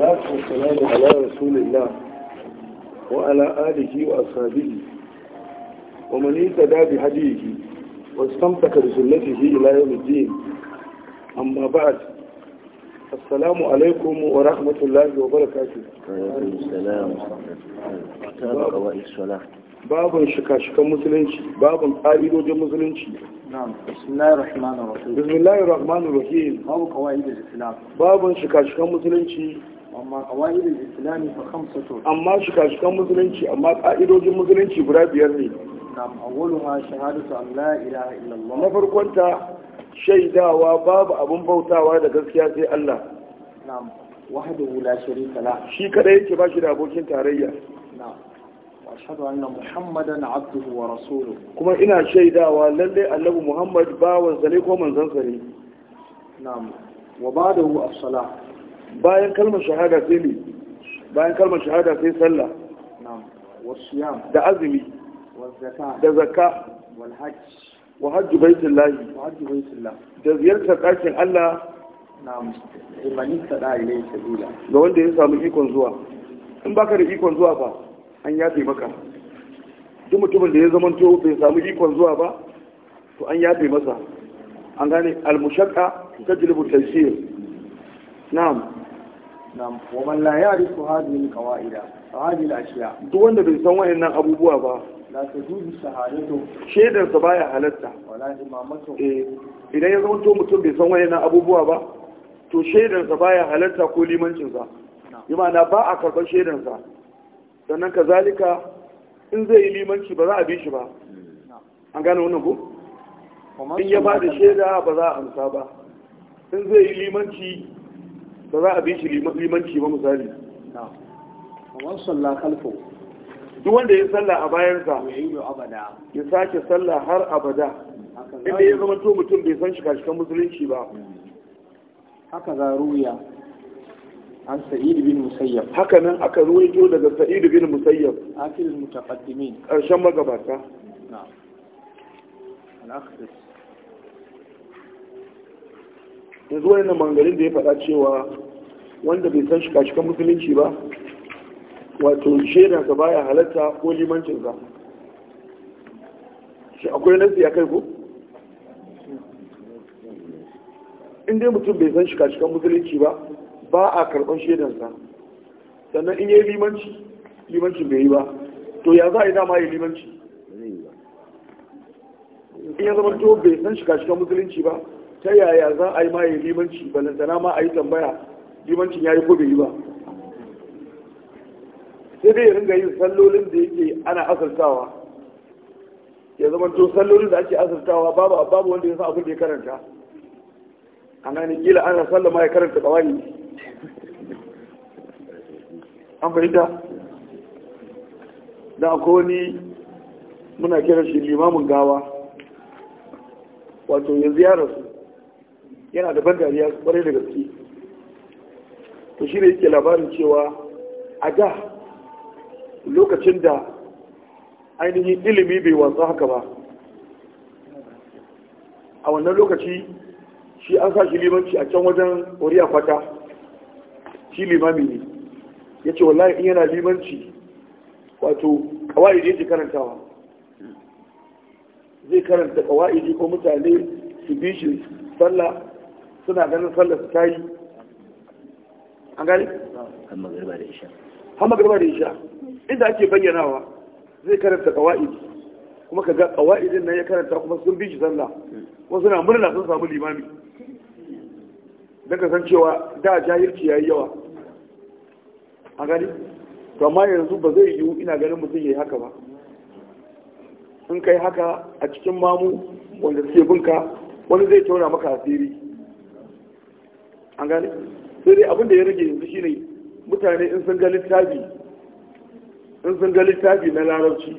والصلاة والسلام على رسول الله وعلى آله وأصحابه ومن اهتدى بهديه واستمسك بسنته إلى يوم الدين أما بعد السلام عليكم ورحمة الله وبركاته وعليكم السلام ورحمة الله الصلاة babin shika-shikan musulunci babin ƙa'idojin musulunci bismillahir rahmanir rahim babin shika-shikan musulunci amma qawaidul islami fa khamsatun amma shikashikan musulunci ka'idojin musulunci guda biyar ne nam awwaluha shahadatu an na farkon shaidawa babu abin bautawa da gaskiya sai Allah nam wahdahu la sharika la shi kada yake ba shi da abokin tarayya nam wa ashhadu anna muhammadan abduhu wa rasuluhu kuma ina shaidawa lallai, annabi muhammad bawan sa ne ko manzon sa ne nam wa ba'dahu as-salah bayan kalmar shahada sai ne bayan kalmar shahada sai sallah da azumi da zakka wa hajji baitin lahi da ziyartar ɗakin Allah ga wanda ya samu ikon zuwa in baka da ikon zuwa ba an yafe maka duk mutumin da ya zama to bai samu ikon zuwa ba to an yafe masa an gane almushakka ta jilibu tashir na'am nam wa man la ya'rifu hadhihi al-qawa'ida hadhihi al-ashya duk wanda bai san wayannan abubuwa ba la tajuzu shahadatu shaidan sa baya halatta wala imamatu eh idan ya zama to mutum bai san wayannan abubuwa ba to shaidan sa baya halatta ko limancin sa imana ba a karban shaidan sa sannan kazalika in zai yi limanci ba za a bi shi ba an gane wannan ko in ya ba da shaida ba za a amsa ba in zai yi limanci ba za a bi shi limanci ba misali kamar sallah kalfo duk wanda ya sallah a bayansa ya sake sallah har abada inda ya zama to mutum bai san shiga cikin musulunci ba haka za ruya an sa'id bin musayyab haka nan aka ruwaito daga sa'id bin musayyab akil mutaqaddimin karshen magabata na'am al-akhdis yanzu wani mangarin da ya faɗa cewa wanda bai san shi cikin musulunci ba wato shaida ka baya halatta ko limancin za? shi akwai nasi a kai ko Inda mutum bai san shi cikin musulunci ba ba a karɓar shaidansa sannan in yi limanci limancin bai yi ba to ya za a yi dama yi limanci in ya zama to bai san shi cikin musulunci ba ta yaya za a yi ma yi limanci balantana ma a yi tambaya limancin ya yi ko bai yi ba sai dai ya ringa yin sallolin da yake ana asartawa ya zama to sallolin da ake asartawa babu babu wanda ya san abin da ya karanta an ne kila ana sallama ya karanta kawai an fahimta da akwai wani muna kiran shi limamin gawa wato yanzu ya rasu yana da ban dariya kwarai da gaske to shi ne yake labarin cewa a da lokacin da ainihin ilimi bai watsa haka ba a wannan lokaci shi an sa shi limanci a can wajen wariya fata shi limami ne ya ce wallahi in yana limanci wato kawai ne ke karantawa zai karanta kawai ko mutane su bishin sallah suna ganin sallah su tayi an gari? har garba da isha inda ake bayyanawa zai karanta kawa'idi kuma ka ga kawa'idin nan ya karanta kuma sun bi shi zalla wasu na murna sun samu limami don ka san cewa da jahilci ya yi yawa an gani? to amma yanzu ba zai yiwu ina ganin mutum ya yi haka ba in kai haka a cikin mamu wanda suke binka wani zai tauna maka asiri an gani? sai dai abin da ya rage yanzu shine mutane in sun ga littafi in sun ga littafi na larabci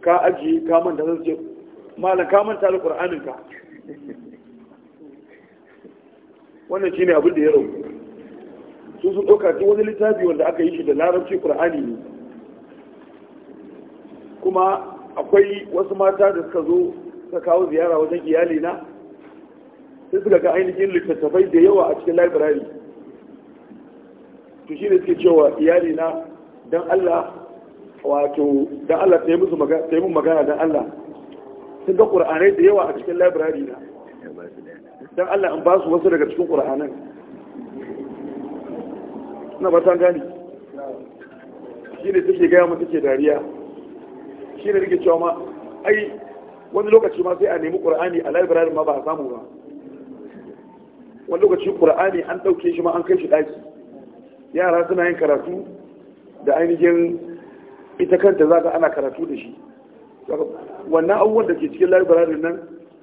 ka ajiye ka manta zan ce malam ka manta da qur'anin ka wannan shine abin da ya rage sun sun ɗauka duk wani littafi wanda aka yi shi da larabci qur'ani ne kuma akwai wasu mata da suka zo suka kawo ziyara wajen iyalina? na sai suka ga ainihin littattafai da yawa a cikin library to shi ne suke cewa iyali na don Allah wato don Allah ta yi musu magana don Allah sun ga ƙur'anai da yawa a cikin library na don Allah an ba su wasu daga cikin ƙur'anan na ba ta gani shi ne suke gaya mata ke dariya shi ne suke cewa ma ai wani lokaci ma sai a nemi ƙur'ani a library ma ba a samu ba wani lokaci qur'ani an ɗauke shi ma an kai shi ɗaki yara suna yin karatu da ainihin ita kanta za ka ana karatu da shi wannan abubuwan da ke cikin library nan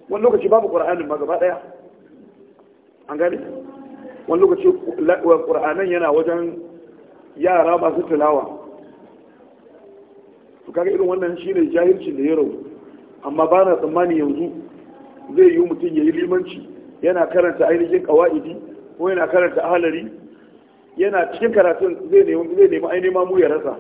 wani lokaci babu qur'anin ma gaba ɗaya an gane wani lokaci ƙura'anin yana wajen yara masu tilawa Su kaga irin wannan shine jahilcin da ya rau amma ba na tsammani yanzu zai yi mutum ya yi limanci yana karanta ainihin kawa'idi ko yana karanta ahalari yana cikin karatun zai nemi ainihin mamu ya rasa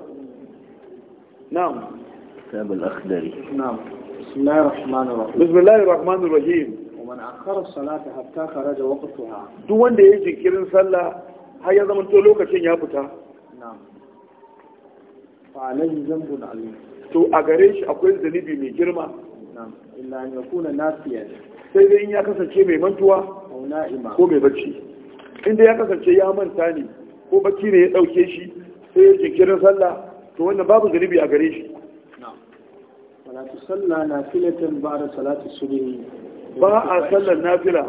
na'am kitabul akhdari na'am bismillahir rahmanir rahim bismillahir rahmanir rahim wa man akhara salata hatta kharaja waqtaha duk wanda yake jinkirin sallah har ya zama to lokacin ya fita na'am fa alayhi dhanbun alim to a gare shi akwai zanibi mai girma na'am illa an yakuna nasiyan sai dai ya kasance mai mantuwa ko mai bacci inda ya kasance ya manta ne ko bacci ne ya ɗauke shi sai ya jinkirin sallah to wannan babu zunubi a gare shi salatu sallah na filatan ba da salatu subhi ba a sallar nafila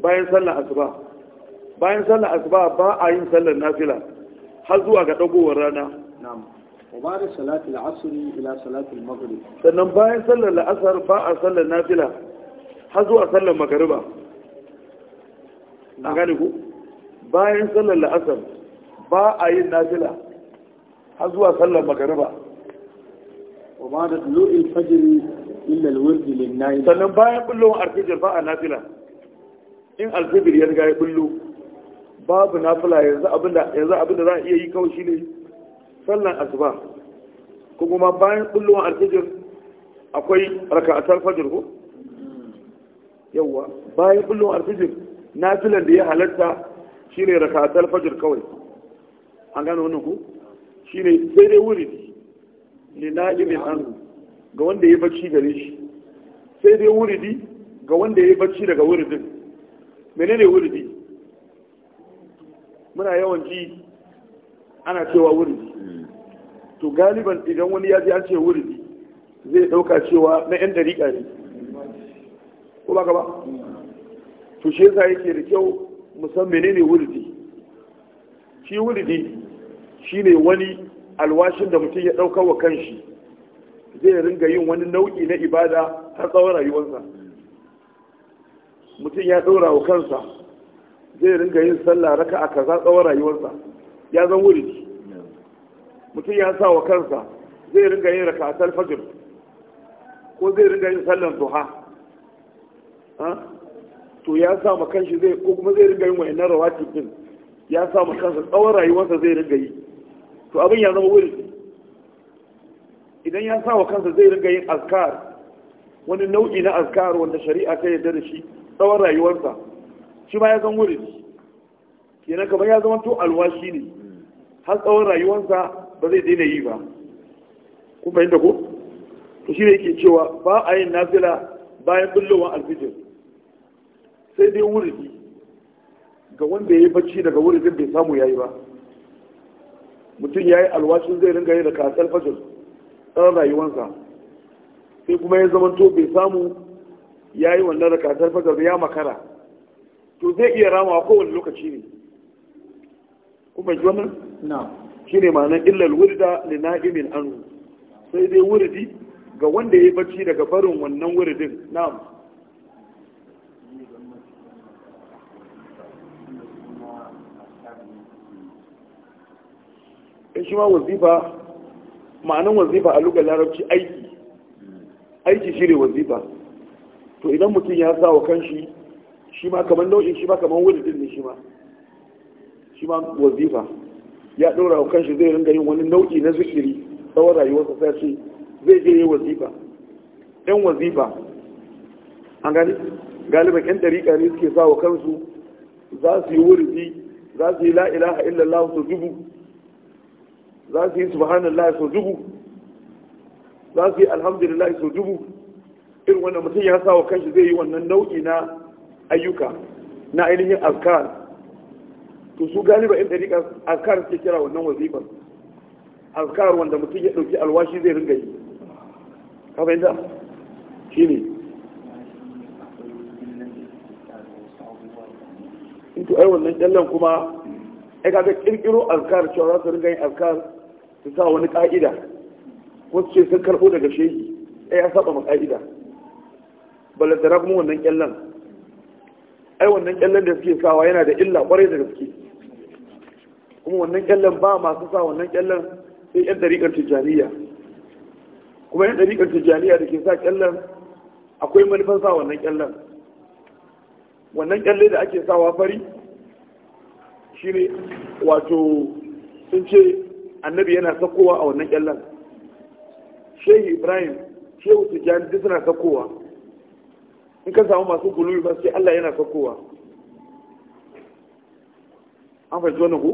bayan sallar asuba bayan sallar asuba ba a yin sallar nafila har zuwa ga dagowar rana ba da salatul asr ila salatul maghrib sannan bayan sallar la'asar ba a sallar nafila har zuwa sallar magariba Na gane ku bayan sallar la'asar ba a yin nafila har zuwa sallar magariba wa ma da in fajiri illa alwurdi lin nayi sannan bayan bullon arfijir ba a nafila in alfijir ya riga ya bullo babu nafila yanzu abinda yanzu abinda za a iya yi kawai shine sallar asuba kuma bayan bullon arfijir akwai raka'atar fajr ko yawa bayan kullum alfijir filan da ya halarta shine rakatar alfajir kawai an gano wannan ku shine sai dai wuri ne na irin an ga wanda ya bacci gare shi sai dai wuridi ga wanda ya bacci daga wuri din menene wuridi muna yawan ji ana cewa wuri to galiban idan wani ya ji an ce wuridi zai dauka cewa na yan dariƙa ne ko ba ka ba to shi yasa yake da kyau san menene wurdi shi wurdi shine wani alwashin da mutum ya ɗaukar wa kanshi zai ringa yin wani nau'i na ibada har tsawon rayuwarsa mutum ya daura wa kansa zai ringa yin sallah raka a kaza tsawon rayuwarsa ya zan wuri mutum ya sa wa kansa zai ringa yin raka a ko zai ringa yin sallan duha to ya sa ma kanshi zai ko kuma zai riga yin wayannan rawatib din ya sa ma kansa tsawon rayuwarsa zai riga yi to abin ya zama wuri idan ya sa wa kansa zai riga yin azkar wani nau'i na azkar wanda shari'a ta yarda da shi tsawon rayuwarsa shi ma ya zan wuri kenan kamar ya zama to alwashi ne har tsawon rayuwarsa ba zai daina yi ba kuma fahimta ko to shi ne yake cewa ba a yin nafila bayan bullowar alfijir sai dai wuridi ga wanda ya yi bacci daga wuridin bai samu ya yi ba mutum ya yi alwashin zai ringa yi da kasar fajir tsarar rayuwansa sai kuma ya zama to bai samu ya yi wannan da kasar fajir ya makara to zai iya ramawa kowane lokaci ne kuma ji wannan shi ne ma'anar illal wurida da na'imin anu sai dai wuridi ga wanda ya yi bacci daga barin wannan wuridin na'am sai shi ma wazifa ma'anin wazifa a lugar larabci aiki aiki shi ne wazifa to idan mutum ya sa wa kanshi shi ma kamar nau'in shi ma kamar wuridin ne shi ma shi ma wazifa ya ɗora wa kanshi zai ringa yin wani nau'i na zikiri tsawon rayuwarsa sai ce zai je yi wazifa yan wazifa an gani galibin yan ɗariƙa ne suke sa wa kansu za su yi wuridi za su yi la'ila a illallah su dubu za su yi subhanallah sau dubu za su yi alhamdulillah sau dubu irin wanda mutum ya sa wa kanshi zai yi wannan nau'i na ayyuka na ainihin azkar to su galiba in dariƙa azkar suke kira wannan wazifar azkar wanda mutum ya ɗauki alwashi zai ringa yi ka fahimta shi ne in to ai wannan kuma ai kaga azkar cewa za su ringa yin azkar su sa wani ka'ida ko su ce sun karɓo daga shehi ai ya saba ma ka'ida balantana kuma wannan kyallan ai wannan kyallan da suke sawa yana da illa kwarai da gaske kuma wannan kyallan ba masu sa wannan kyallan sai yan dariƙar tijjaniya kuma yan dariƙar tijjaniya da ke sa kyallan akwai manufan sa wannan kyallan wannan kyalle da ake sawa fari shi ne wato sun ce annabi yana sakowa a wannan kyallan shehu ibrahim shehu tijjani duk suna sakowa in ka samu masu gulubi ba sai allah yana sakowa an fahimci wannan ku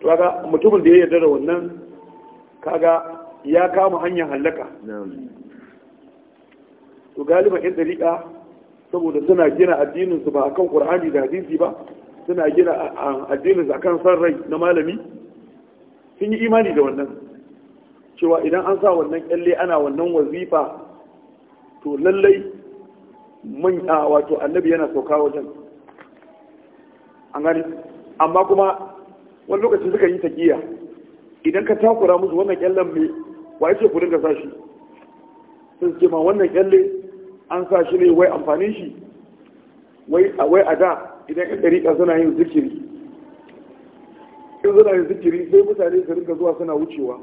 to kaga mutumin da ya yarda da wannan kaga ya kama hanyar hallaka to galiba yan dariƙa saboda suna gina addininsu ba kan Kur'ani da hadisi ba suna gina addininsu akan san rai na malami sun yi imani da wannan cewa idan an sa wannan kyalle ana wannan wazifa to lallai mun a wato annabi yana sauka wajen an amma kuma wani lokaci suka yi taƙiya idan ka takura musu wannan kyallen mai wa yake ku dinga sa shi sun ce ma wannan kyalle an sa shi ne wai amfani shi wai a da idan ɗan ɗariƙa suna yin zikiri in suna yin zikiri sai mutane su rinka zuwa suna wucewa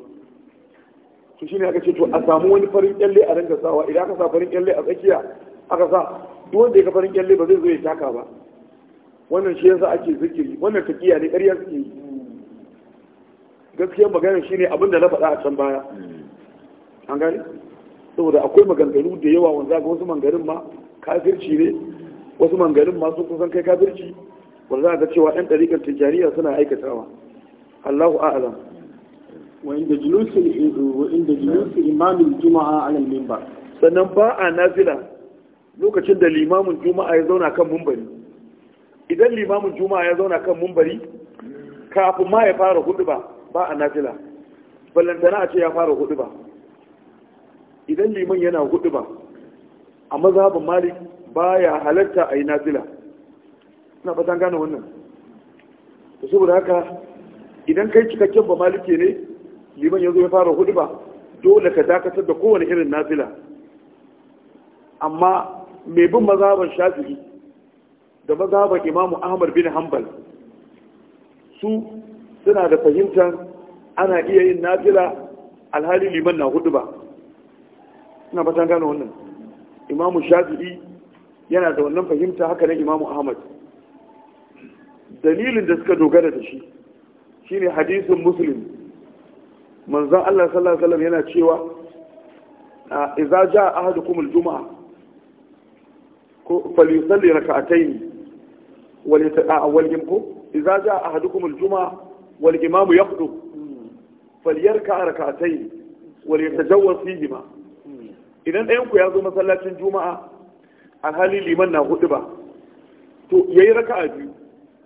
shi shine aka ce to a samu wani farin kyalle a rinka sawa idan aka sa farin kyalle a tsakiya aka sa duk wanda ya ga farin kyalle ba zai zo ya taka ba wannan shi yasa ake zikiri wannan taqiya ne ƙarya suke yi gaskiyar magana shine abin da na faɗa a can baya an gani saboda akwai maganganu da yawa wanda ga wasu mangarin ma kafirci ne wasu mangarin ma sun kusan kai kafirci wanda za ga cewa 'yan ɗariƙar tijjaniya suna aikatawa Allahu a'lam wa inda julusi wa inda julusi imamul juma'a ala minbar sannan ba a nafila lokacin da limamin juma'a ya zauna kan mumbari idan limamin juma'a ya zauna kan mumbari kafin ma ya fara hudu ba ba a nafila ballantana a ce ya fara hudu ba idan liman yana hudu ba a mazhabin malik baya halatta a yi nafila ina fatan gane wannan saboda haka idan kai cikakken ba malike ne liman yanzu ya fara hudu ba dole ka dakatar da kowane irin nafila amma mai bin mazhaban shafi'i da mazhaban imamu ahmad bin hanbal su suna da fahimtar ana iya yin nafila alhali liman na hudu ba suna fatan gane wannan imamu shafi'i yana da wannan fahimta haka nan imamu ahmad dalilin da suka dogara da shi shine hadisin muslim manzon Allah sallallahu alaihi wasallam yana cewa idza jaa ahadukum al-jum'a falyusalli rak'atayn wal yata'awwal jimku idza jaa ahadukum al-jum'a wal imam yaqdu falyarka rak'atayn wal yatajawwaz fihima idan ɗayan ku ya zo masallacin juma'a alhali liman na hudu ba to yayi raka'a biyu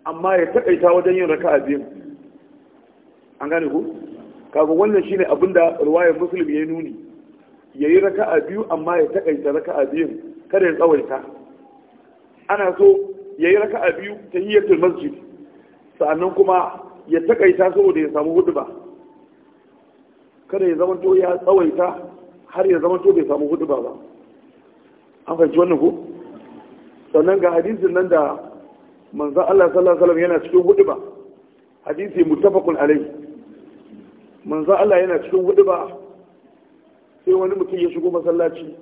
amma ya takaita wajen yin raka'a biyu an gane ku kaga wannan shine abin da ruwayar muslim ya nuni ya yi raka'a biyu amma ya takaita raka'a biyun kada ya tsawaita ana so ya yi raka'a biyu ta hiyar masjid sa'annan kuma ya takaita saboda ya samu ba kada ya to ya tsawaita har ya to bai samu hudu ba an fahimci wannan ko sannan ga hadisin nan da manzan Allah sallallahu alaihi wasallam yana cikin ba hadisi muttafaqun alaihi manzo Allah yana cikin hudu ba sai wani mutum ya shigo masallaci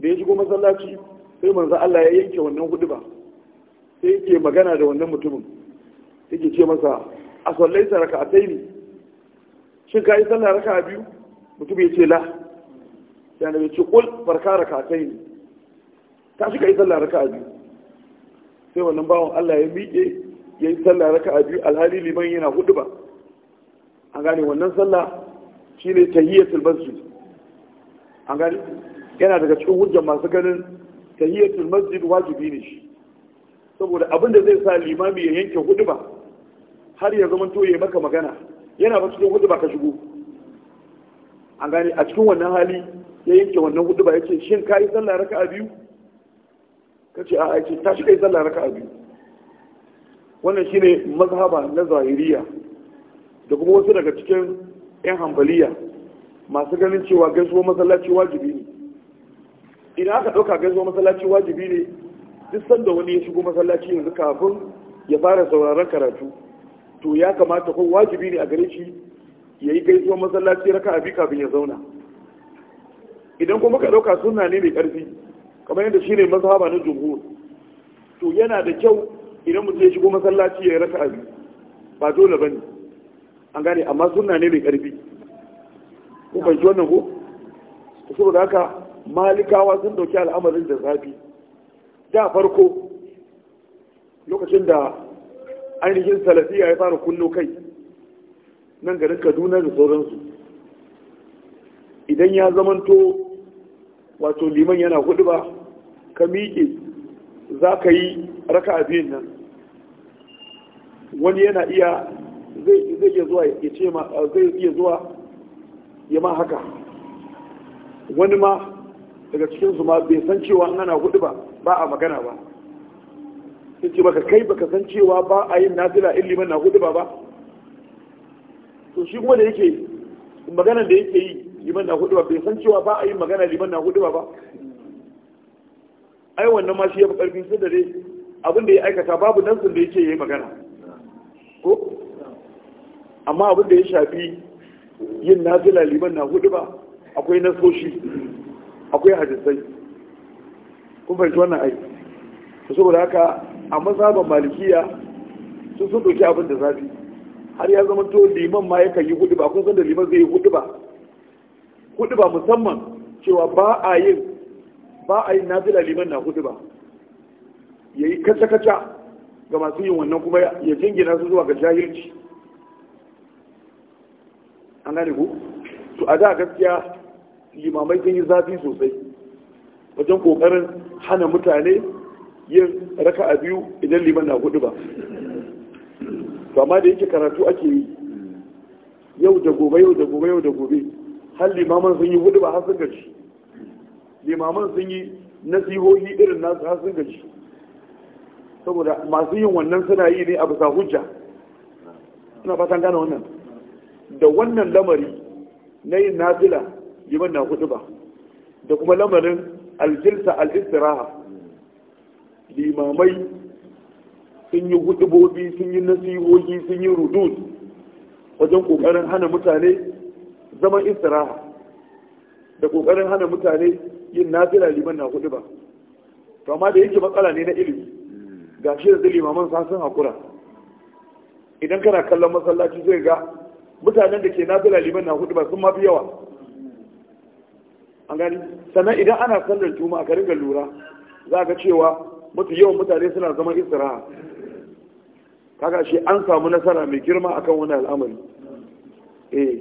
da ya shigo masallaci sai manzo Allah ya yanke wannan hudu ba sai yake magana da wannan mutumin yake ce masa a sallaita raka'atai ne shin ka yi sallah raka'a biyu mutum ya ce la sai annabi ce kul barka raka'atai ne ta shi ka yi sallah raka'a biyu sai wannan bawan Allah ya miƙe ya yi sallah raka'a biyu alhali liman yana hudu ba an gane wannan sallah shi ne ta tahiyyatul masjid an gane yana daga cikin hujjar masu ganin ta tahiyyatul masjid wajibi ne shi saboda abin da zai sa limami ya yanke huduba har ya zama to ya maka magana yana ba cikin huduba ka shigo an gane a cikin wannan hali ya yanke wannan huduba ya ce shin ka yi sallah raka'a biyu ka ce a'a ce ka yi sallah raka'a biyu wannan shine mazhaba na zahiriya da kuma wasu daga cikin 'yan hambaliya masu ganin cewa gaisuwa masallaci wajibi ne idan aka ɗauka gaisuwa masallaci wajibi ne duk sanda wani ya shigo masallaci yanzu kafin ya fara sauraron karatu to ya kamata ko wajibi ne a gare shi ya yi gaisuwa masallaci raka abi kafin ya zauna idan kuma ka ɗauka suna ne mai ƙarfi kamar yadda shi ne mazhaba na jumhur to yana da kyau idan mutum ya shigo masallaci ya yi raka bi ba dole ba ne an gane amma sunna ne mai karfi ko ban ji wannan ko saboda haka malikawa sun dauki al'amarin da zafi da farko lokacin da ainihin salafiya ya fara kunno kai nan garin kaduna da sauransu idan ya zamanto wato liman yana hudu ba ka miƙe za ka yi raka abin nan wani yana iya zai iya zuwa ya ce ma zai iya zuwa ya ma haka wani ma daga cikinsu ma bai san cewa ana hudu ba ba a magana ba sun ce baka kai baka san cewa ba a yin nazila in liman na hudu ba ba to shi kuma da yake magana da yake yi liman na hudu ba bai san cewa ba a yin magana liman na hudu ba ba ai wannan ma shi ya fi karfi sun da dai abin da ya aikata babu nan sun da yake yi magana ko amma abin da ya shafi yin nazila liman na hudu ba akwai nasoshi akwai hadisai kuma fahimci wannan ai saboda haka a mazhaban malikiya sun sun doki abin da zafi har ya zama to liman ma yakan yi hudu ba kun san da liman zai yi hudu ba hudu ba musamman cewa ba a yin ba a yin nazila liman na hudu ba yayi kaca-kaca ga masu yin wannan kuma ya jingina su zuwa ga jahilci an gane ku to a da gaskiya limamai sun yi zafi sosai wajen kokarin hana mutane yin raka a biyu idan liman na hudu ba to amma da yake karatu ake yi yau da gobe yau da gobe yau da gobe har limaman sun yi hudu ba har sun gaji limaman sun yi nasihohi irin nasu har sun gaji saboda masu yin wannan suna yi ne a bisa hujja ina fatan gane wannan da wannan lamari na yin nafila liman na hudu ba da kuma lamarin aljilsa al'istiraha limamai sun yi hudubobi sun yi nasihohi sun yi rudud wajen kokarin hana mutane zaman istiraha da kokarin hana mutane yin nafila liman na hudu ba to amma da yake matsala ne na ilimi ga shi da limaman sa sun hakura idan kana kallon masallaci zai ga mutanen da ke nafila liman na hudu ba sun mafi yawa an gani sannan idan ana sallar juma'a ka ringa lura za ka cewa mutu yawan mutane suna zama istiraha kaga shi an samu nasara mai girma akan wani al'amari eh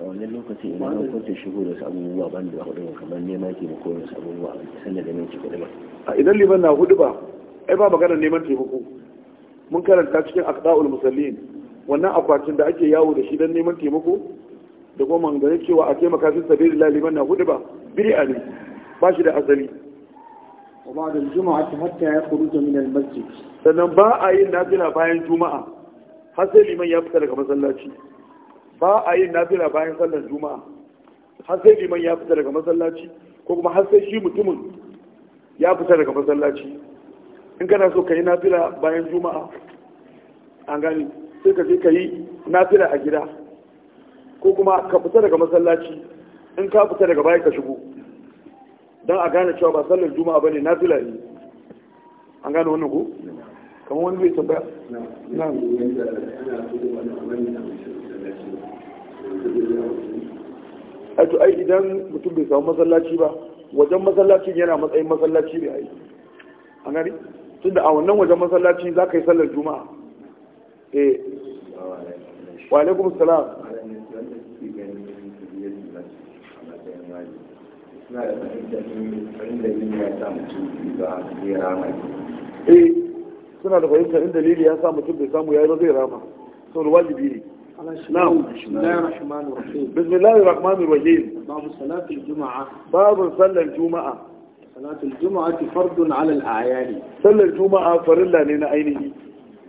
a wani lokaci idan an kwanta shigo da wasu abubuwa ban da hudu ba kamar neman taimako da wasu abubuwa sannan da neman kuɗi ba a idan liman na hudu ba ai ba magana neman taimako mun karanta cikin aqdaul musallin wannan akwatin da ake yawo da shi don neman taimako da kuma mangane cewa a taimaka fi da laliban na hudu ba a ne ba shi da asali wa da juma'a ta hatta ya khuruja min masjid sannan ba a yin nafila bayan juma'a har sai liman ya fita daga masallaci ba a yin nafila bayan sallar juma'a har sai liman ya fita daga masallaci ko kuma har sai shi mutumin ya fita daga masallaci in kana so ka yi nafila bayan juma'a an gani sai ka je ka yi nafila a gida ko kuma ka fita daga masallaci in ka fita daga baya ka shigo don a gane cewa ba sallar juma'a ba bane nafila ne an gane wannan ko kamar wani zai tabbaya na aito ai idan mutum bai samu masallaci ba wajen masallacin yana matsayin masallaci ne yi. an tun tunda a wannan wajen masallaci za ka yi sallar juma'a ايه وعليكم السلام ايه سنة الغريسة عند ليلي يا سامة تبدي سامو يا رضي راما سوى الواجب يلي إيه. نعم بسم الله الرحمن الرحيم باب صلاة الجمعة باب صلى الجمعة صلاة الجمعة فرض على الأعيان صلى الجمعة فرلا لنا أينه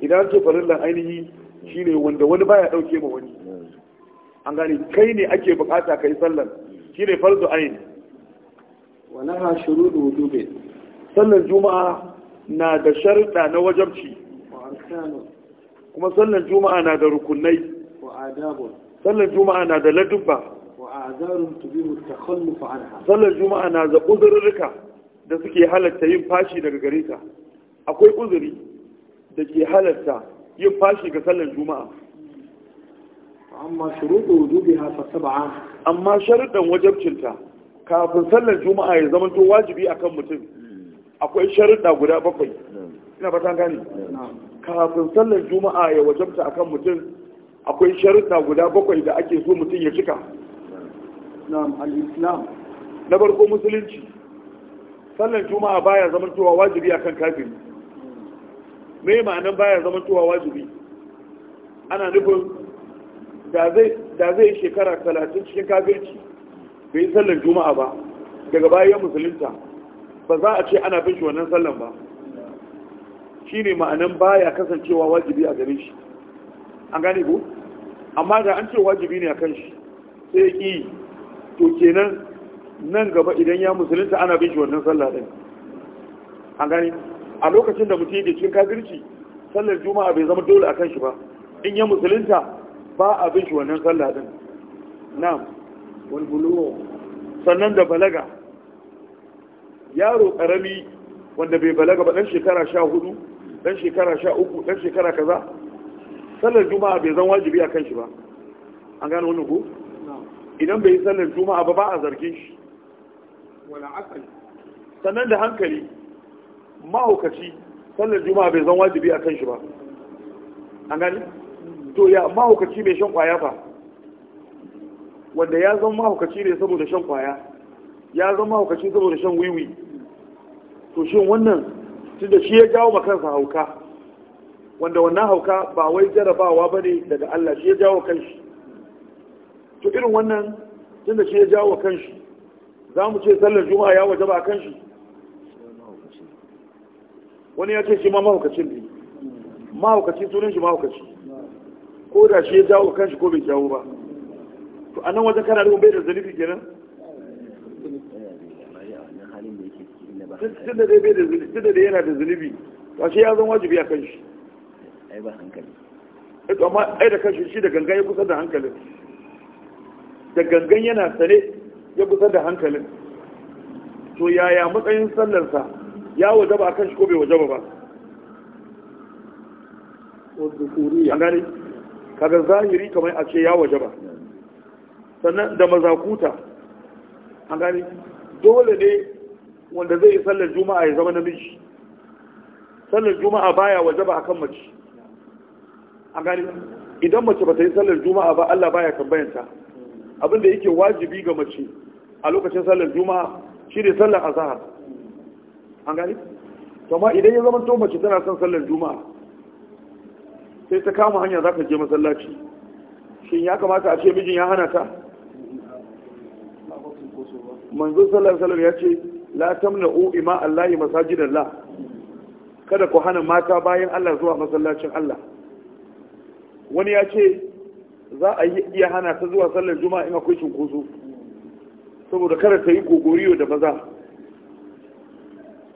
idan ce farillan ainihi shine wanda wani baya dauke ma wani an gane kai ne ake bukata kai sallan shine farzu ain wa laha shurudu wudubi sallan juma'a na da sharuda na wajabci kuma sallan juma'a na da rukunai wa adabu sallan juma'a na da ladubba wa azarun tubihu takhalluf anha sallan juma'a na da uzurrika da suke halatta yin fashi daga gare ka. akwai uzuri da ke halarta yin fashi ga sallar juma'a amma shuruɗu wujubi fa saba'a amma sharuɗan wajabcinta kafin sallar juma'a ya zama to wajibi akan mutum akwai sharuɗa guda bakwai ina fata gani kafin sallar juma'a ya wajabta akan mutum akwai sharuɗa guda bakwai da ake so mutum ya cika na farko musulunci sallar juma'a baya zama to wajibi akan kafin. me ma'anin baya zama tuwa wajibi ana nufin da zai yi shekara talatin cikin kafirci bai yi sallar juma'a ba daga bayan musulunta ba za a ce ana bin shi wannan sallan ba shi ne ma'anin baya kasancewa wajibi a gare shi an gane ko amma da an ce wajibi ne a kan shi sai ya ƙi to kenan nan gaba idan ya musulunta ana bin shi wannan sallah ɗin an gane a lokacin da mutum yake cikin kafirci sallar juma'a bai zama dole akan shi ba in ya musulunta ba a bin shi wannan sallah din na'am wal sannan da balaga yaro karami wanda bai balaga ba dan shekara 14 dan shekara 13 dan shekara kaza sallar juma'a bai zan wajibi akan shi ba an gane wannan ko idan bai yi sallar juma'a ba ba a zargin shi wala akali sannan da hankali mahaukaci sallar juma'a bai zan wajibi a kan shi ba an gani to ya mahaukaci mai shan kwaya ba wanda ya zan mahaukaci ne saboda shan kwaya ya zan mahaukaci saboda shan wiwi to shi wannan tun da shi ya jawo ma kansa hauka wanda wannan hauka ba wai jarabawa ba ne daga Allah shi ya jawo kanshi to irin wannan tun da shi ya jawo kanshi za mu ce sallar juma'a ya wajaba kanshi wani ya ce shi ma mahaukacin ne mahaukacin sunan shi mahaukaci ko da shi ya jawo kanshi ko bai jawo ba to a nan wajen kana da bai da zanifi kenan tun da dai bai da tun da yana da zanifi to shi ya zan wajibi a kanshi ai ba hankali eh, to amma ai da kanshi shi da gangan ya kusa da hankalin da gangan yana sane ya kusa da hankalin to yaya matsayin sallarsa ya wajaba akan shi ko bai wajaba ba a gane kaga zahiri kamar a ce ya wajaba sannan da mazakuta a gane dole ne wanda zai yi sallar juma'a ya zama namiji sallar juma'a baya wajaba akan mace a gane idan mace ba ta yi sallar juma'a ba Allah baya tambayanta abinda yake wajibi ga mace a lokacin sallar juma'a shi ne sallar azahar an gani idan ya zama tomaci tana son sallar juma'a sai ta kama hanya za ka je masallaci shin ya kamata a ce mijin ya hana ta manzo sallar sallar ya ce la tamna'u ima allahi allah kada ku hana mata bayan Allah zuwa masallacin Allah wani ya ce za a iya hana ta zuwa sallar juma'a in akwai cunkoso saboda kada ta yi gogoriyo da maza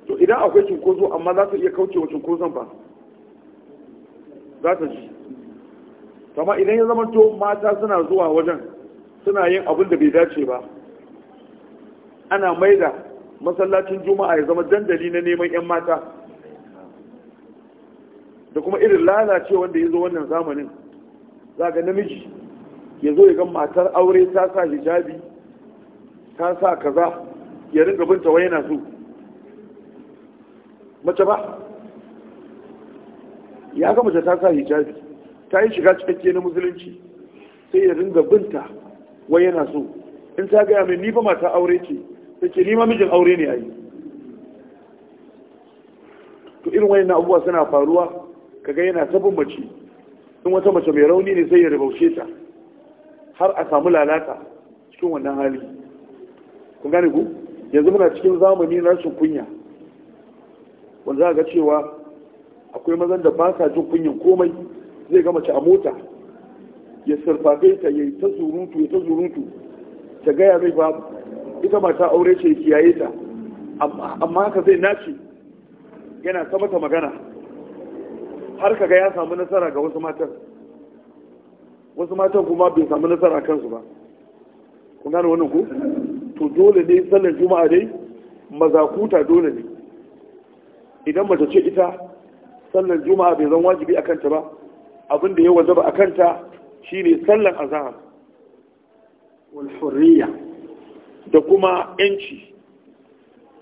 to idan akwai cinkoso amma za ta iya kauce wa cinkoson ba za ta ji kama idan ya zama to mata suna zuwa wajen suna yin abin da bai dace ba ana maida masallacin juma'a ya zama dandali na neman 'yan mata da kuma irin lalace wanda ya zo wannan zamanin za ga namiji ya zo ya ga matar aure ta sa hijabi ta sa kaza ya ringa binta wai yana so mace ba ya ga mace ta sa hijabi ta yi shiga cikakke na musulunci sai ya ringa binta wai yana so in ta gaya mai nifa mata aure ce ta ce nima mijin aure ne a yi to irin wani na abubuwa suna faruwa kaga yana sabon mace in wata mace mai rauni ne sai ya ribaushe ta har a samu lalata cikin wannan hali Ku gane ku yanzu muna cikin zamani na rashin kunya wanda za ga cewa akwai mazan da ba sa jin kunyin komai zai gama ci a mota ya sarfafe ta ya ta zurutu ya ta zurutu ta gaya mai ba ita mata aure ce kiyaye ta amma haka zai nace yana ta magana har kaga ya samu nasara ga wasu matan wasu matan kuma bai samu nasara kansu ba kun gane wannan ku to dole ne sallar juma'a dai mazakuta dole ne idan mace ce ita sallan juma'a bai zan wajibi a kanta ba abin da ya wajaba a kanta shine sallan azhar wal hurriya da kuma yanci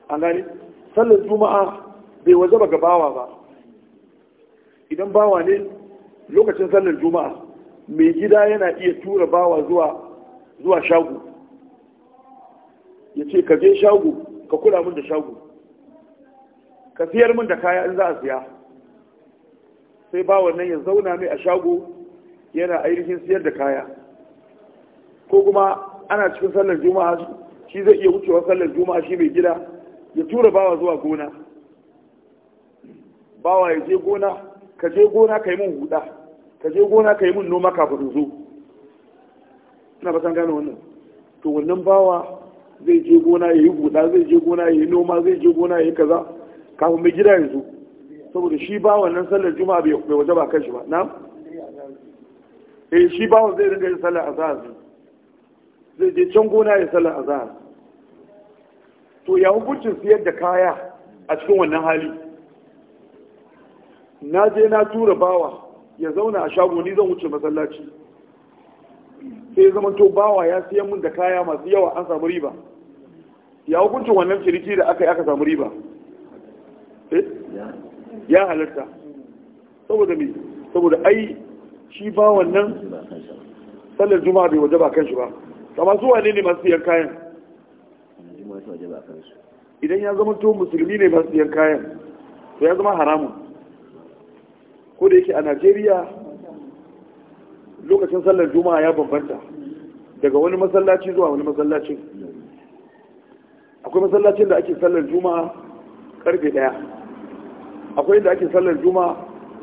an gani sallan juma'a bai wajaba ga bawa ba idan bawa ne lokacin sallan juma'a mai gida yana iya tura bawa zuwa zuwa shago ya ce ka je shago ka kula mun da shago ka siyar min da kaya in za a siya sai ba wannan ya zauna mai a shago yana ainihin siyar da kaya ko kuma ana cikin sallar juma'a shi zai iya wucewa sallar juma'a shi mai gida ya tura bawa zuwa gona bawa ya je gona ka je gona ka yi min huda ka je gona ka yi min noma kafin zo ina basan gane wannan to wannan bawa zai je gona ya yi huda zai je gona ya yi noma zai je gona ya yi kaza kafin mai gida yanzu saboda shi ba wannan sallar juma'a bai waje ba kan shi ba na eh shi ba wanda zai rinka yin sallar azhar zai je can gona yin sallar azahar. to ya hukuncin siyar da kaya a cikin wannan hali na je na tura bawa ya zauna a shago ni zan wuce masallaci sai zama to bawa ya siyan min da kaya masu yawa an samu riba ya hukuncin wannan ciniki da aka yi aka samu riba Eh? ya halarta saboda mai saboda ai shi ba wannan sallar juma'a bai waje ba kan shi ba kama masu wane ne masu siyan kayan idan ya zama to musulmi ne masu siyan kayan to ya zama haramun ko da yake a najeriya lokacin sallar juma'a ya bambanta daga wani masallaci zuwa wani masallacin akwai masallacin da ake sallar juma'a karfe daya akwai inda ake sallar juma'a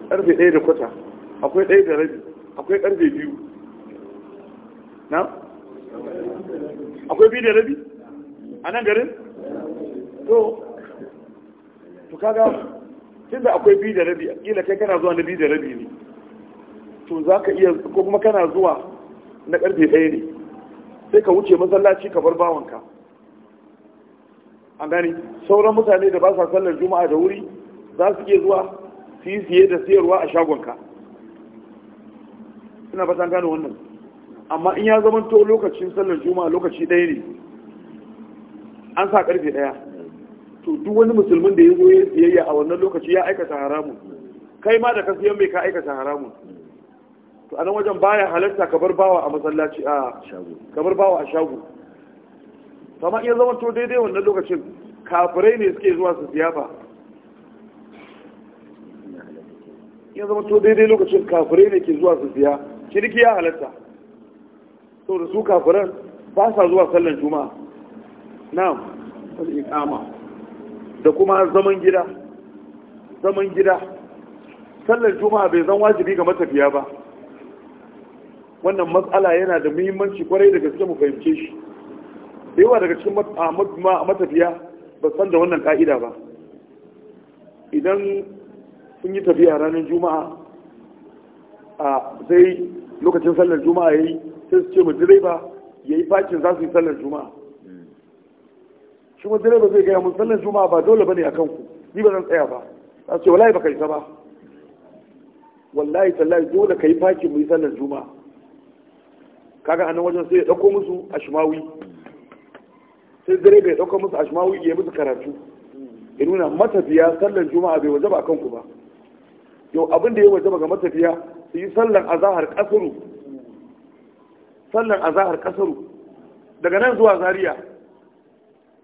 karfe ɗaya da kwata akwai ɗaya da rabi akwai karfe biyu na akwai biyu da rabi a nan garin to to kaga tun da akwai biyu da rabi kila kai kana zuwa na biyu da rabi ne to za ka iya ko kuma kana zuwa na karfe ɗaya ne sai ka wuce masallaci ka bar bawanka an gani sauran mutane da ba sa sallar juma'a da wuri za su iya zuwa su yi siye da siyarwa a shagonka ina ba gano wannan amma in ya zama to lokacin sallar juma'a lokaci ɗaya ne an sa karfe ɗaya to duk wani musulmin da ya zo ya siyayya a wannan lokaci ya aikata haramun kai ma da ka siyan mai ka aikata haramun to a nan wajen baya halarta ka bar bawa a masallaci a bar bawa a shago amma in ya zama to daidai wannan lokacin kafirai ne suke zuwa su siyafa ya zama to daidai lokacin kafirai ne ke zuwa su siya ciniki ya halatta da su kafiran ba sa zuwa sallan juma'a na'am wani ikama da kuma zaman gida zaman gida sallan juma'a bai zan wajibi ga matafiya ba wannan matsala yana da muhimmanci kwarai da gaske mu fahimce shi da yawa daga cikin matafiya ba san da wannan ka'ida ba idan sun yi tafiya ranar juma'a a sai lokacin sallar juma'a ya yi sai su ce mu direba ya yi bakin za su yi sallar juma'a shi ma direba zai gaya mun sallar juma'a ba dole bane a kanku ni ba zan tsaya ba za su ce wallahi ba ka isa ba wallahi tallahi dole ka yi bakin mu yi sallar juma'a kaga a nan wajen sai ya ɗauko musu shimawi sai direba ya ɗauko musu shimawi ya yi musu karatu ya nuna matafiya sallar juma'a bai waje ba kanku ba yau abin da ya waje ga matafiya su yi sallan azahar kasaru sallan zahar kasaru daga nan zuwa Zariya,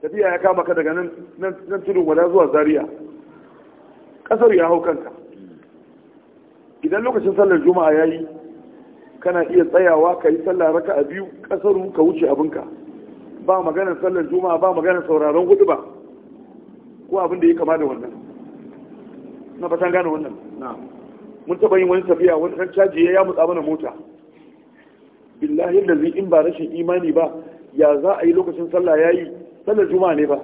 tafiya ya kama ka daga nan tudun wada zuwa Zariya. kasar ya hau kanka idan lokacin sallar juma'a ya yi kana iya tsayawa ka yi sallar raka a biyu kasaru ka wuce abinka ba maganar sallar juma'a ba maganar sauraron hudu ba ko abin da ya kama da wannan na fatan gane wannan mun taɓa yin wani tafiya wani ɗan caji ya mutsa mana mota billahi da zai in ba rashin imani ba ya za a yi lokacin sallah ya yi sallar juma'a ne ba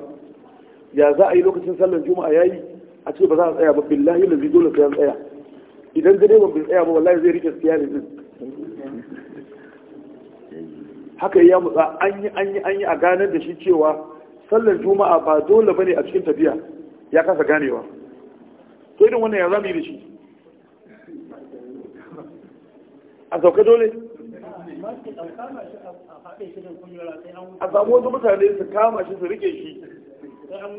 ya za a yi lokacin sallar juma'a ya yi a ce ba za a tsaya ba billahi da zai dole sai an tsaya idan gane ba bai tsaya ba wallahi zai rike siya ne din haka ya mutsa an yi an yi an yi a ganar da shi cewa sallar juma'a ba dole bane a cikin tafiya ya kasa ganewa to irin wannan ya za mu yi da shi a sauka dole a samu wasu mutane su kama shi su rike shi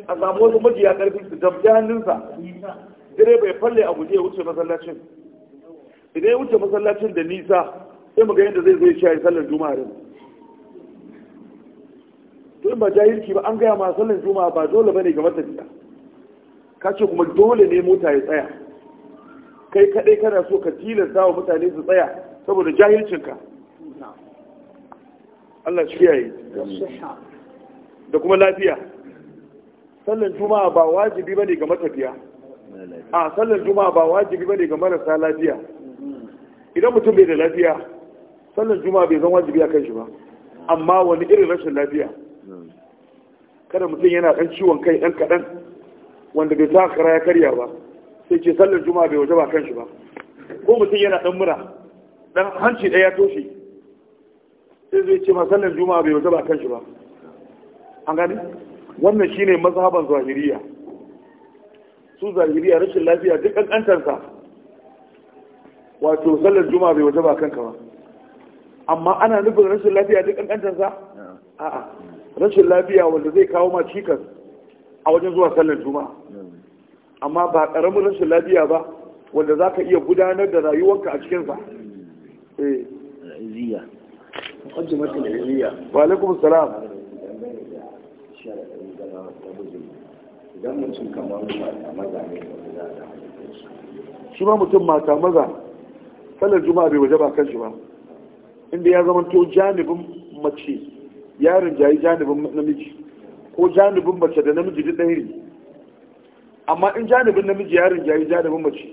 a samu wasu majiya karfi su damfi hannunsa direba ya falle a guje wuce masallacin idan ya wuce masallacin da nisa sai mu ga yadda zai zai shayi sallar juma'a din to in ba jahilci ba an gaya ma sallar juma'a ba dole bane ga matafiya ka ce kuma dole ne mota ya tsaya kai kaɗai kana so ka tilasta wa mutane su tsaya saboda jahilcinka Allah shi yayi da kuma lafiya sallan juma'a ba wajibi bane ga matafiya a sallan juma'a ba wajibi bane ga marasa lafiya idan mutum bai da lafiya sallan juma'a bai zan wajibi a kan shi ba amma wani irin rashin lafiya kada mutum yana ɗan ciwon kai ɗan kaɗan wanda bai sa kara ya karya ba sai ce sallar juma'a bai waje ba kan shi ba ko mutum yana dan mura dan hanci daya toshe sai zai ce ma sallar juma'a bai waje ba kan shi ba an gani wannan shine mazhaban zahiriya su zahiriya rashin lafiya duk kankantarsa wato sallar juma'a bai waje ba kanka ba amma ana nufin rashin lafiya duk kankantarsa a'a rashin lafiya wanda zai kawo ma cikas a wajen zuwa sallar juma'a amma ba karamin rashin lafiya ba wanda za ka iya gudanar da rayuwarka a cikinsa eh. wa shi ma mutum mata maza sallar juma'a bai waje ba kan shi ba inda ya zama to janibin mace yarin jayi janibin namiji ko janibin mace da namiji duk ɗaya ne amma in janibin namiji ya yi janibin mace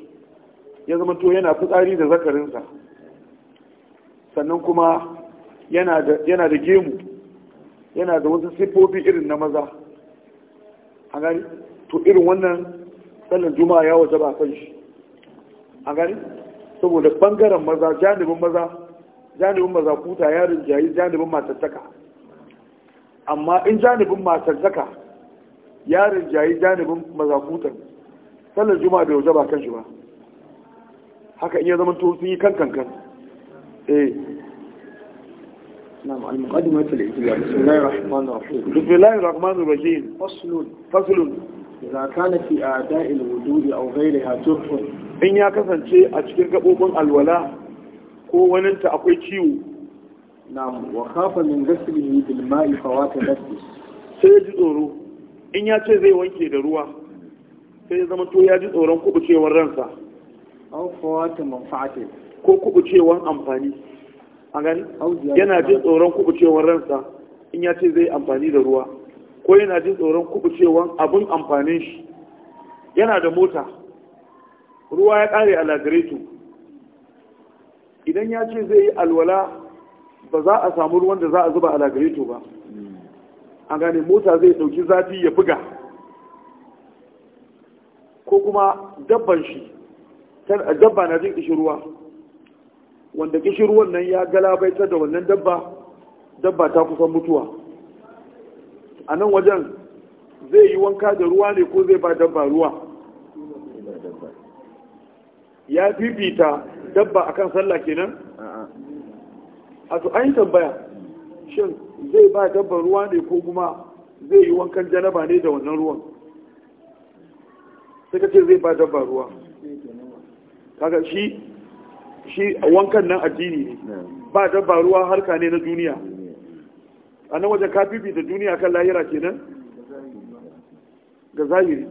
ya zama to yana fitsari da zakarinsa sannan kuma yana da gemu yana da wasu siffofi irin na maza a gani to irin wannan tsallan juma'a ya waje ba kan shi a gani saboda bangaren maza janibin maza janibin maza kuta ya rinjayi janibin matattaka amma in janibin zaka yarin jayi janibin mazakutan sallar juma'a bai ba kan shi ba haka in ya zama to sun yi kan kankan eh نعم المقدمة الإجابة بسم الله الرحمن الرحيم بسم الله الرحمن الرحيم فصل فصل إذا a في أعداء الوجود أو غيرها جرح In يا kasance a cikin gabobin alwala, ko waninta akwai ciwo na'am wa khafa min ghaslihi bil ma'i fawata nafsi sai ya ji tsoro in ya ce zai wanke da ruwa sai ya zama to ya ji tsoron kubucewar ransa aw fawata manfa'ati ko kubucewar amfani a gani yana jin tsoron kubucewar ransa in ya ce zai amfani da ruwa ko yana jin tsoron kubucewar abin amfanin shi yana da mota ruwa ya kare a lagareto idan ya ce zai yi alwala ba za a samu ruwan da za a zuba a lagareto ba a gane mota zai dauki zafi ya buga ko kuma dabban shi dabba na jin ruwa. wanda ruwan nan ya galabaitar da wannan dabba dabba ta kusan mutuwa a nan wajen zai yi wanka da ruwa ne ko zai ba dabba ruwa ya fifita dabba a kan sallah kenan a to an tambaya shin zai ba dabbar ruwa ne ko kuma zai yi wankan janaba ne da wannan ruwan sai ka ce zai ba dabba ruwa kaga shi shi wankan nan addini ne ba dabba ruwa harka ne na duniya a nan wajen kafifi da duniya kan lahira kenan ga zahiri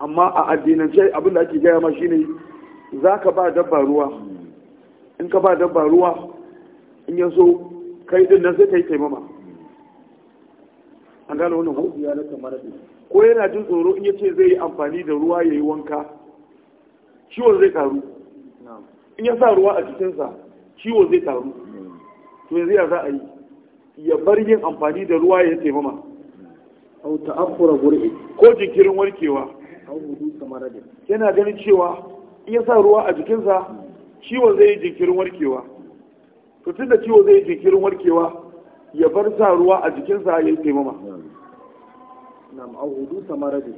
amma a addinance da ake gaya ma shine za ka ba dabba ruwa in ka ba dabba ruwa in ya so kai din nan sai kai taimama an gano wannan da ko yana jin tsoro in ya ce zai yi amfani da ruwa ya yi wanka ciwon zai karu in ya sa ruwa a jikinsa ciwo zai karu to yanzu ya za a yi ya bar yin amfani da ruwa ya taimama au ta'affura gurbi ko jinkirin warkewa au hudu kamar yana ganin cewa in ya sa ruwa a jikinsa ciwon zai yi jinkirin warkewa to tun da ciwo zai jinkirin warkewa ya bar sa ruwa a jikinsa ya yi taimama na a hudu samarade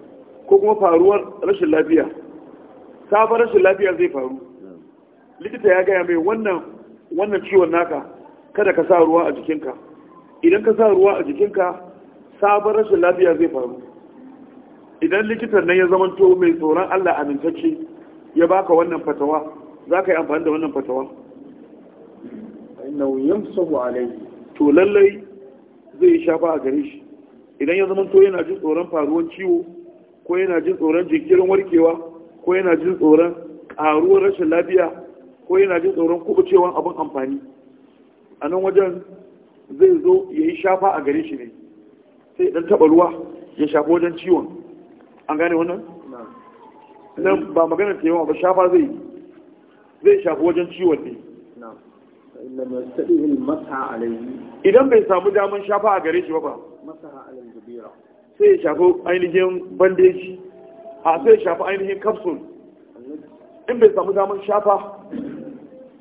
ko kuma faruwar rashin lafiya sabon rashin lafiya zai faru likita ya gaya mai wannan wannan ciwon naka kada ka sa ruwa a jikinka idan ka sa ruwa a jikinka sabon rashin lafiya zai faru idan likitan nan ya zamanto mai tsoron allah amintacce ya baka wannan fatawa za ka yi amfani da wannan fatawa innahu yamsahu alayhi to lallai zai yi shafa a gare shi idan ya zamanto yana jin tsoron faruwar ciwo ko yana jin tsoron jinkirin warkewa ko yana jin tsoron karuwar rashin lafiya ko yana jin tsoron kubucewan abin amfani a nan wajen zai zo ya yi shafa a gare shi ne sai dan taba ruwa ya shafa wajen ciwon an gane wannan nan ba maganar taimawa ba shafa zai zai shafa wajen ciwon ne idan bai samu daman shafa a gare shi ba sai ya shafi ainihin bandeji a sai ya shafi ainihin capsule in bai samu daman shafa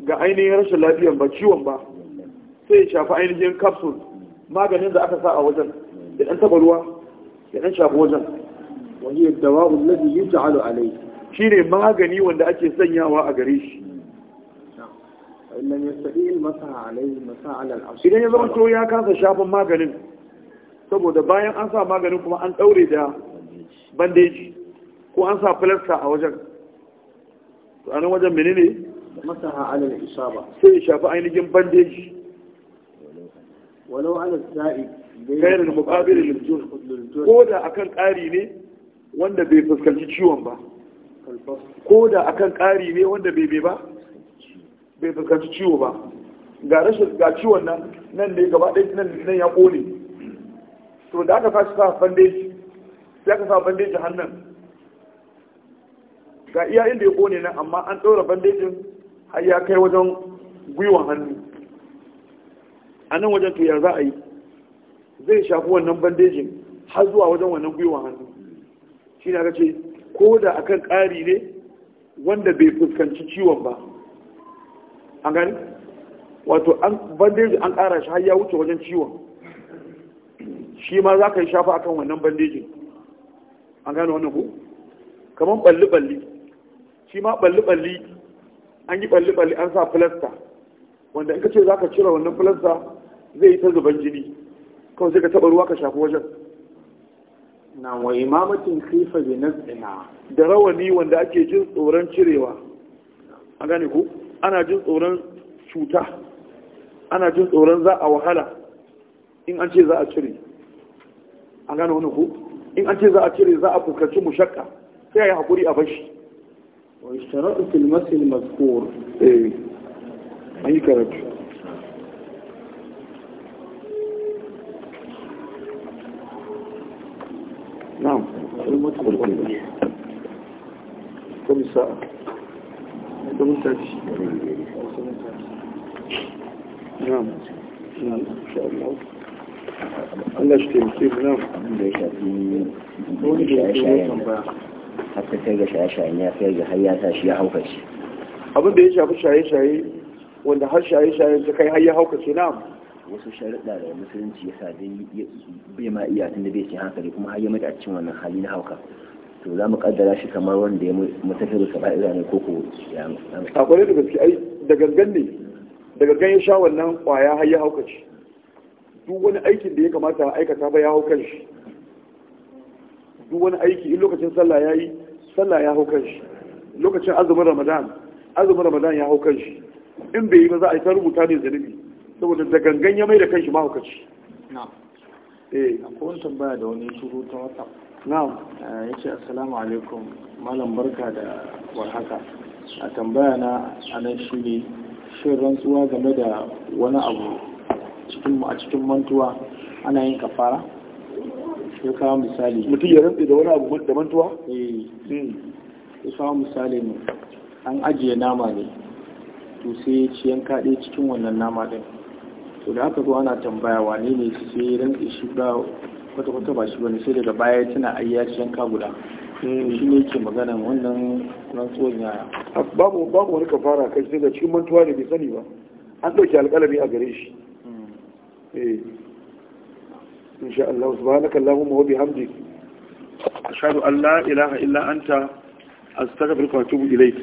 ga ainihin rashin lafiyan ba ciwon ba sai ya shafi ainihin capsule maganin da aka sa a wajen da ɗan taɓa ruwa ya ɗan shafi wajen wani yadda wa'un yi ta'alu alai shi ne magani wanda ake sanyawa a gare shi idan ya zama ya kasa shafin maganin saboda bayan an sa maganin kuma an daure da bandeji ko an sa filasta a wajen to anan wajen menene masaha alal sai ya shafi ainihin bandeji walau ala sa'i gairar muqabil lil ko da akan ƙari ne wanda bai fuskanci ciwon ba ko da akan ƙari ne wanda bai bai ba bai fuskanci ciwo ba ga rashin ga ciwon nan nan ne gaba ɗaya nan nan ya ƙone to da aka fashi sa bandeji sai aka sa bandeji hannun ga iya inda ya ƙone nan amma an ɗora bandejin har ya kai wajen gwiwan hannu a nan wajen to ya za a yi zai shafi wannan bandejin har zuwa wajen wannan gwiwan hannu shi ne aka ce ko da akan ƙari ne wanda bai fuskanci ciwon ba an gani wato an bandeji an ƙara shi har ya wuce wajen ciwon shi ma za ka yi shafa akan wannan bandejin an gani wannan ku kamar balli-balli shi ma balli-balli an yi balli-balli an sa filasta wanda in ka ce za ka cire wannan filasta zai yi ta zuban jini kawai sai ka taɓa ruwa ka shafi wajen na wa imamatin kifa bi na da rawani wanda ake jin tsoron cirewa an gane ku ana jin tsoron cuta ana jin tsoron za a wahala in an ce za a cire an gane wani ku in an ce za a cire za a fuskanci mushakka sai a yi haƙuri a bashi wani shara'u filmasil mazkur eh an yi karatu na'am kalmatu kulkulli kulli sa'a domin tashi shi abin da ya shafi har ta shaye ya ya haukace abin da ya shafi shaye-shaye wanda har shaye shaye ta kai har ya haukace na. wasu sharuɗa da musulunci ya sa dai bai ma iya tun da bai cin hankali kuma har ya mutu a cikin wannan hali na hauka to za mu kaddara shi kamar wanda ya mutafi da kaba'ira ne ko ko ya a kwarai da gaske ai da gangan ne da gangan ya sha wannan kwaya har ya haukace duk wani aikin da ya kamata a aikata ba ya hauka shi duk wani aiki in lokacin sallah ya yi sallah ya hauka shi lokacin azumin ramadan azumin ramadan ya hauka shi in bai yi ba za a yi ta rubuta ne zanubi saboda da gangan ya mai da kanshi shi na'am eh akwai wani tambaya da wani shuru ta wata na'am eh, ya ce assalamu alaikum malam barka da warhaka a tambaya na anan shi ne shin rantsuwa game da wani abu a cikin mantuwa ana yin kafara ya kawo misali mutum ya rantsu da wani abu da mantuwa eh hmm. ya kawo misali ne an ajiye nama ne to sai ci yanka cikin wannan nama ɗin to da haka zo ana tambaya wane ne sai rantsu shi ba kwata-kwata ba shi wani sai daga baya tana ayyaci yanka guda hmm. shi ne ke magana wannan rantsuwan ya babu babu wani kafara kai sai da cikin mantuwa da bai sani ba an ɗauki alƙalami a gare shi hmm. eh insha Allah subhanaka allahumma wa bihamdik ashhadu an la ilaha illa anta astaghfiruka wa atubu ilayk